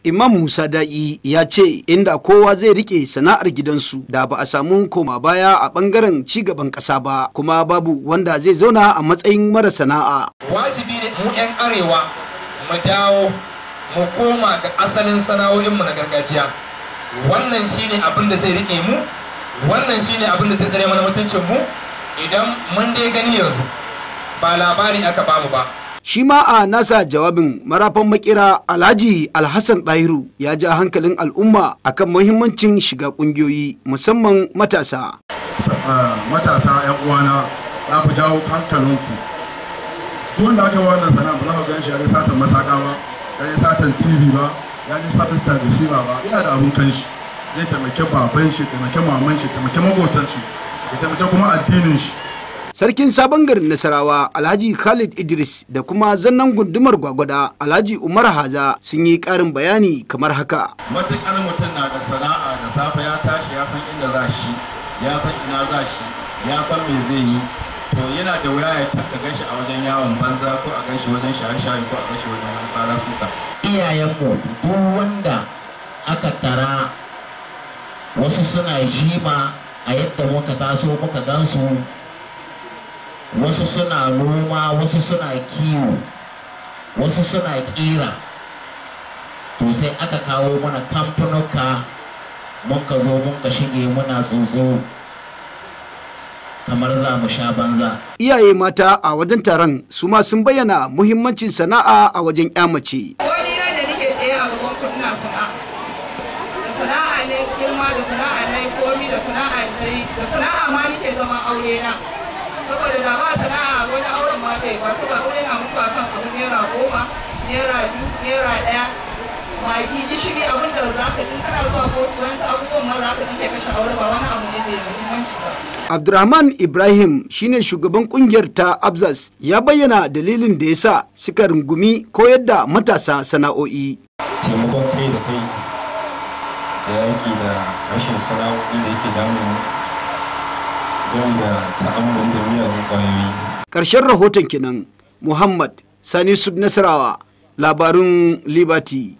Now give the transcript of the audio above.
Imam Musa Da'i ya ce inda kowa zai rike sana'ar gidansu da ba a samu koma baya a bangaren cigaban ƙasa ba kuma babu wanda zai zauna a matsayin mara sana'a. Wajibi ne mu 'yan arewa mu dawo mu koma ga asalin sana'o'inmu na gargajiya. Wannan shi ne abin da zai rike mu, wannan shi ne abin da zai tsare mana mutuncinmu, idan mun dai gani yanzu ba labari aka bamu ba. shi ma a nasa jawabin marafan makira alhaji alhassan ɗahiru ya ja hankalin al'umma akan muhimmancin shiga ƙungiyoyi musamman matasa ah, matasa yan uwana ya fi jawo hankalinku tun da aka wannan sana'a ba za ku gan shi ya ga satan masaka ba ya ga satan tv ba ya ga satan tarisira ba yana da abin kanshi zai taimake baban shi taimake maman shi taimake mabotan shi ya taimake kuma addinin shi sarkin sabon garin nasarawa alhaji khalid idris da kuma zannan gundumar gwagwada alhaji umar haza sun yi karin bayani kamar haka matuƙar mutum na da sana'a da safe ya tashi ya san inda za shi ya san ina za shi ya san me zai yi to yana da wuya ya taka gashi a wajen yawon banza ko a gashi wajen shaye-shaye ko a gashi wajen hasara suka iyayenmu duk wanda aka tara wasu suna jima a yadda muka taso muka gansu wasu suna noma wasu suna kiwo wasu suna kira to sai aka kawo mana kamfanuka mun ka zo mun ka shige muna tsotso kamar za mu sha banza. Iyaye mata a wajen taron su ma sun bayyana muhimmancin sana'a a wajen ya mace. da nake tsaye a gaban sana'a. Da sana'a ne girma da sana'a komi da sana'a da sana'a ma nake aka yi wasu ba kuma yana mutu akan abu naira goma naira biyu naira ɗaya magi gishiri abin da za ka tun kana zuwa kotu wani abubuwan ma za ka tun kashe aure ba wani abu ne da ya muhimmanci ba. Abdurrahman Ibrahim shine shugaban kungiyar ta Abzas ya bayyana dalilin da ya sa suka rungumi koyar da matasa sana'o'i. Taimakon kai da kai da yaki da rashin sana'o'i da yake damu don da ta'amman da miyagun ƙwayoyi ƙarshen rahoton kenan muhammad sani sub nasarawa labarin liberty